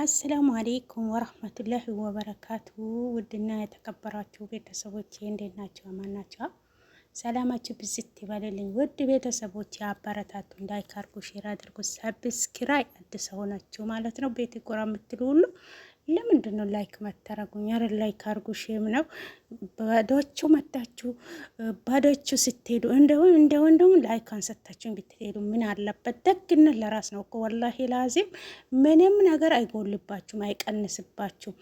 አሰላሙ አሌይኩም ወረህመቱላሂ ወበረካቱ። ውድና የተከበራችሁ ቤተሰቦቼ እንዴት ናቸው? አማን ናቸው? ሰላማችሁ ብዝት ይበልልኝ። ውድ ቤተሰቦቼ አበረታቱ፣ ላይክ ሼር አድርጉ፣ ሰብስክራይብ አዲስ ሆናችሁ ማለት ነው ቤት ጎራ የምትሉ ሁሉ ለምንድን ነው ላይክ መታረጉኝ? ኧረ ላይክ አርጉ። ሼም ነው ባዶቹ መታችሁ ባዶቹ ስትሄዱ እንደውም እንደው እንደውም ላይክ አንሰታችሁን ብትሄዱ ምን አለበት? ደግነት ለራስ ነው እኮ ወላሂ ላዚም ምንም ነገር አይጎልባችሁም፣ አይቀንስባችሁም።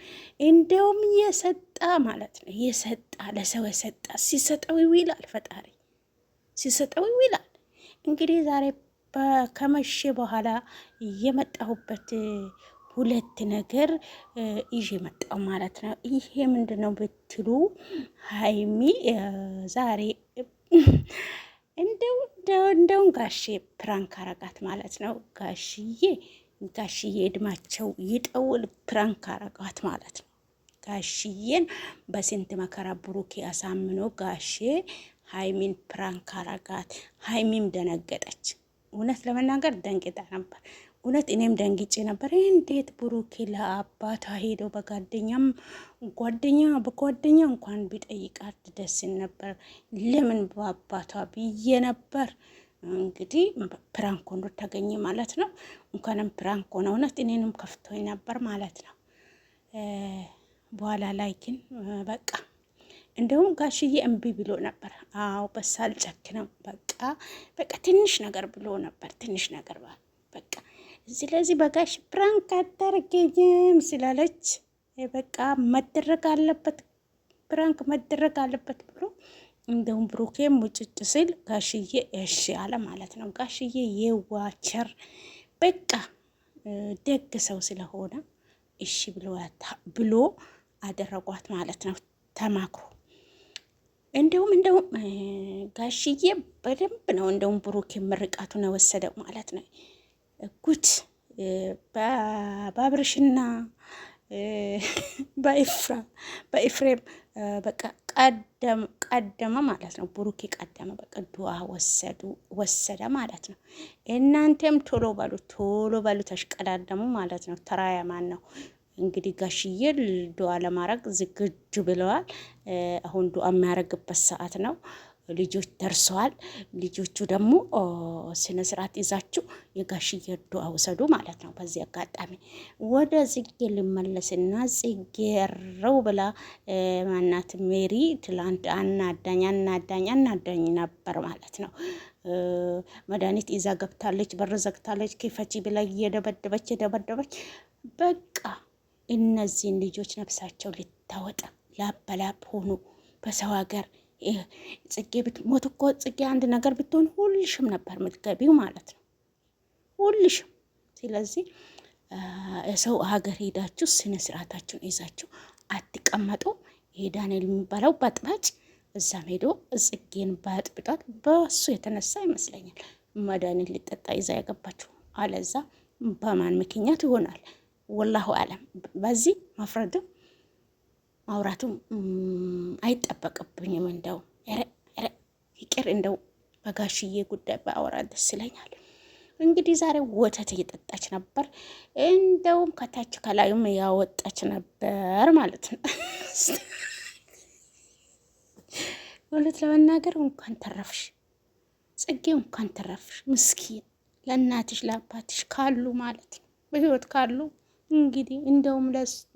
እንደውም የሰጣ ማለት ነው የሰጣ ለሰው የሰጣ ሲሰጠው ይውላል፣ ፈጣሪ ሲሰጠው ይውላል። እንግዲህ ዛሬ ከመሸ በኋላ የመጣሁበት ሁለት ነገር ይዤ መጣው ማለት ነው። ይሄ ምንድን ነው ብትሉ ሀይሚ ዛሬ እንደው እንደውን ጋሼ ፕራንክ አረጋት ማለት ነው። ጋሽዬ ጋሽዬ እድማቸው ይጠውል ፕራንክ አረጋት ማለት ነው። ጋሽዬን በስንት መከራ ብሩኬ አሳምኖ ጋሼ ሀይሚን ፕራንክ አረጋት። ሀይሚም ደነገጠች። እውነት ለመናገር ደንቅጣ ነበር። እውነት እኔም ደንግጬ ነበር። እንዴት ብሩኬ ለአባታ ሄዶ በጓደኛም ጓደኛ በጓደኛ እንኳን ቢጠይቃት ደስ ነበር። ለምን በአባቷ ብዬ ነበር። እንግዲህ ፕራንክ ሆኖ ተገኘ ማለት ነው። እንኳንም ፕራንክ ሆነ። እውነት እኔንም ከፍቶኝ ነበር ማለት ነው። በኋላ ላይ ግን በቃ እንደውም ጋሽዬ እምቢ ብሎ ነበር። አዎ በሳል ጨክ በቃ በቃ ትንሽ ነገር ብሎ ነበር። ትንሽ ነገር በቃ ስለዚህ በጋሽ ፕራንክ አታርገኝም ስላለች በቃ መደረግ አለበት ፕራንክ መደረግ አለበት ብሎ እንደውም ብሩኬም ውጭጭ ስል ጋሽዬ እሺ አለ ማለት ነው። ጋሽዬ የዋቸር በቃ ደግ ሰው ስለሆነ እሺ ብሎ አደረጓት ማለት ነው። ተማክሮ እንደውም እንደውም ጋሽዬ በደንብ ነው እንደውም ብሩኬ ምርቃቱን ወሰደው ማለት ነው። ጉድ በአብርሽና በኤፍሬም በቃ ቀደመ ማለት ነው። ብሩኬ ቀደመ በቃ ወሰዱ ወሰደ ማለት ነው። እናንተም ቶሎ በሉ ቶሎ በሉ ተሽቀዳደሙ ማለት ነው። ተራያ ማን ነው እንግዲህ? ጋሽዬ ድዋ ለማድረግ ዝግጁ ብለዋል። አሁን ዱዓ የሚያደርግበት ሰዓት ነው። ልጆች ደርሰዋል። ልጆቹ ደግሞ ስነ ስርዓት ይዛችሁ የጋሽዬ ዱዓ ውሰዱ ማለት ነው። በዚህ አጋጣሚ ወደ ጽጌ ልመለስና ጽጌ ረው ብላ ማናት ሜሪ ትላንት አናዳኝ አናዳኝ አናዳኝ ነበር ማለት ነው። መድኃኒት ይዛ ገብታለች፣ በር ዘግታለች። ክፈቺ ብላ እየደበደበች የደበደበች በቃ እነዚህን ልጆች ነፍሳቸው ልታወጣ ላበላብ ሆኑ በሰው ሀገር ጽጌ ብትሞት እኮ ጽጌ አንድ ነገር ብትሆን ሁልሽም ነበር የምትገቢው ማለት ነው፣ ሁልሽም። ስለዚህ የሰው ሀገር ሄዳችሁ ስነ ስርዓታችሁን ይዛችሁ አትቀመጡ። ይሄ የሚባለው በጥባጭ እዛም ሄዶ ጽጌን በጥብጣት በሱ የተነሳ ይመስለኛል መድኃኒት ሊጠጣ ይዛ ያገባችሁ። አለዛ በማን ምክንያት ይሆናል? ወላሁ አለም። በዚህ መፍረድም ማውራቱም አይጠበቅብኝም። እንደው ኧረ ይቅር እንደው በጋሽዬ ጉዳይ በአወራ ደስ ይለኛል። እንግዲህ ዛሬ ወተት እየጠጣች ነበር። እንደውም ከታች ከላዩም ያወጣች ነበር ማለት ነው። እውነት ለመናገር እንኳን ተረፍሽ ጽጌ፣ እንኳን ተረፍሽ ምስኪን። ለእናትሽ ለአባትሽ ካሉ ማለት ነው በህይወት ካሉ እንግዲህ እንደውም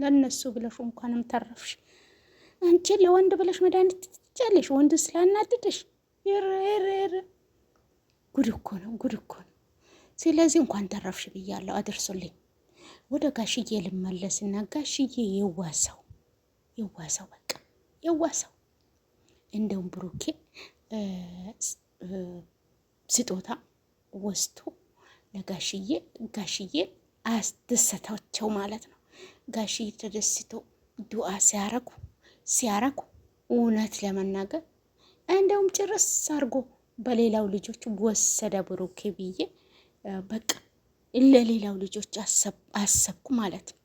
ለእነሱ ብለሽ እንኳንም ተረፍሽ። አንቺ ለወንድ ብለሽ መድኃኒት ትጫለሽ፣ ወንድ ስላናድድሽ። ይርርር ጉድ እኮ ነው፣ ጉድ እኮ ነው። ስለዚህ እንኳን ተረፍሽ ብያለሁ፣ አድርሱልኝ። ወደ ጋሽዬ ልመለስና ጋሽዬ የዋሰው የዋሰው በቃ የዋሰው እንደውም ብሩኬ ስጦታ ወስቶ ለጋሽዬ ጋሽዬ አስደሰታቸው ማለት ነው። ጋሽዬ ተደስቶ ዱዓ ሲያረጉ ሲያረኩ እውነት ለመናገር እንደውም ጭርስ አድርጎ በሌላው ልጆች ወሰደ ብሩኬ ብዬ በቃ ለሌላው ልጆች አሰብኩ ማለት ነው።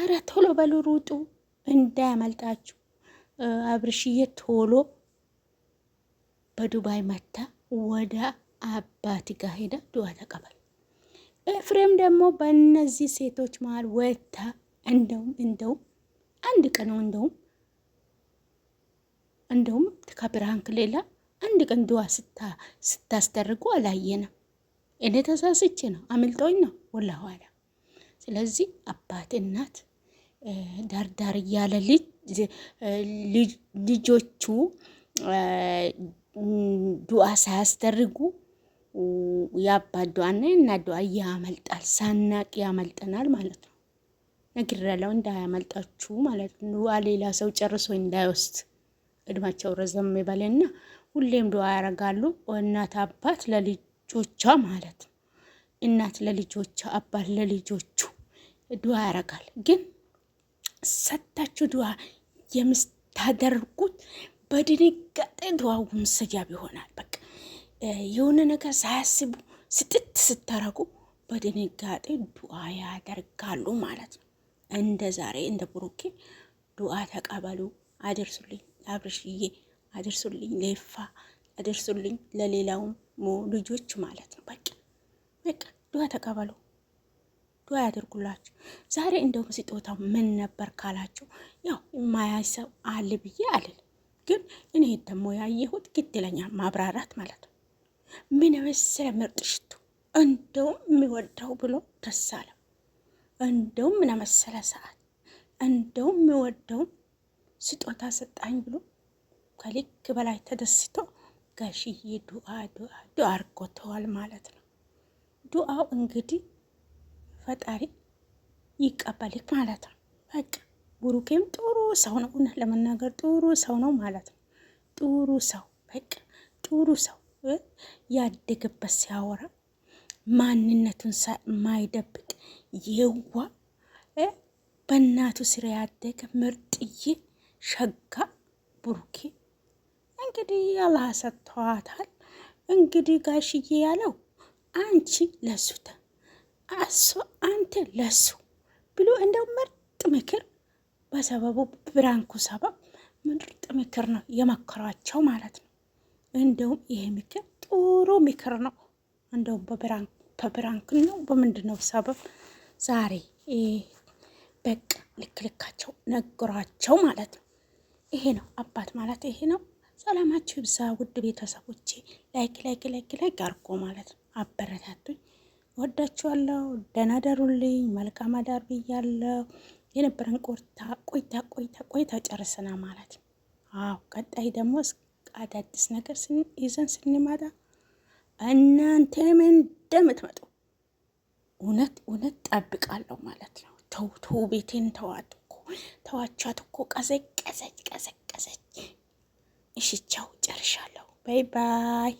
እረ ቶሎ በሉ ሩጡ፣ እንዳያመልጣችሁ። አብርሽዬ ቶሎ በዱባይ መታ ወደ አባት ጋር ሄዳ ዱዋ ተቀበል። ኤፍሬም ደግሞ በእነዚህ ሴቶች መሀል ወታ እንደውም እንደውም አንድ ቀን ነው እንደውም እንደውም ከብርሃን ሌላ አንድ ቀን ድዋ ስታስደርጉ አላየንም። እኔ ተሳስቼ ነው አምልጦኝ ነው ወላሁ ስለዚህ አባት እናት ዳርዳር እያለ ልጆቹ ዱዓ ሳያስደርጉ የአባት ዱዓና እና ዱዓ ያመልጣል፣ ሳናቅ ያመልጠናል ማለት ነው። ነግሬያለሁ፣ እንዳያመልጣችሁ ማለት ነው። ሌላ ሰው ጨርሶ እንዳይወስድ እድማቸው ረዘም ይበልና ሁሌም ዱዓ ያረጋሉ። እናት አባት ለልጆቿ ማለት እናት ለልጆቿ አባት ለልጆቹ ዱዓ ያረጋል። ግን ሰታችሁ ዱዓ የምታደርጉት በድንጋጤ ዱዓውን ሰጃብ ይሆናል። በቃ የሆነ ነገር ሳያስቡ ስጥት ስታረጉ በድንጋጤ ዱዓ ያደርጋሉ ማለት ነው። እንደ ዛሬ እንደ ብሩኬ ዱዓ ተቀበሉ፣ አደርሱልኝ አብርሽዬ አደርሱልኝ፣ ለይፋ አደርሱልኝ፣ ለሌላውም ልጆች ማለት ነው። በቃ በቃ ዱዓ ተቀበሉ፣ ዱዓ ያደርጉላችሁ። ዛሬ እንደውም ስጦታ ምን ነበር ካላችሁ፣ ያው የማያይ ሰው አለ ብዬ አልል፣ ግን እኔ ደግሞ ያየሁት ግድ ማብራራት ማለት ነው። ምን ምርጥ ሽቱ እንደውም የሚወደው ብሎ ደስ አለው። እንደውም ምን ሰዓት እንደውም የሚወደውም ስጦታ ሰጣኝ ብሎ ከልክ በላይ ተደስቶ ጋሽዬ ዱዓ ዱዓ ዱዓ አርጎተዋል ማለት ነው። ዱአው እንግዲህ ፈጣሪ ይቀበልክ ማለት ነው። በቃ ብሩኬም ጥሩ ሰው ነው፣ እውነት ለመናገር ጥሩ ሰው ነው ማለት ነው። ጥሩ ሰው በቃ ጥሩ ሰው ያደገበት ሲያወራ ማንነቱን ማይደብቅ የዋ በእናቱ ስራ ያደገ ምርጥዬ ሸጋ ብሩኬ እንግዲህ አላህ ሰጥተዋታል። እንግዲህ ጋሽዬ ያለው አንቺ ለሱ ተ አንተ ለሱ ብሎ እንደው ምርጥ ምክር በሰበቡ ብራንኩ ሰበብ ምርጥ ምክር ነው የመከሯቸው ማለት ነው። እንደውም ይሄ ምክር ጥሩ ምክር ነው። እንደውም በብራንክ ነው በምንድን ነው ሰበብ ዛሬ በቃ ልክልካቸው ነግሯቸው ማለት ነው። ይሄ ነው አባት ማለት ይሄ ነው። ሰላማችሁ ይብዛ ውድ ቤተሰቦቼ። ላይክ ላይክ ላይክ ላይክ አርጎ ማለት ነው። አበረታቱኝ። ወዳችኋለሁ። ደህና ደሩልኝ። መልካም አዳር ብያለሁ። የነበረን ቆርታ ቆይታ ቆይታ ቆይታ ጨርሰና ማለት አዎ ቀጣይ ደግሞ አዳዲስ ነገር ይዘን ስንመጣ እናንተ ምን እንደምትመጡ እውነት እውነት ጠብቃለሁ ማለት ነው። ተው ተው ቤቴን ተዋጡ። ተዋቿት እኮ ቀዘቀዘች ቀዘቀዘች። እሺ ቻው፣ ጨርሻለሁ። ባይ ባይ።